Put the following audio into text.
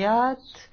secretariat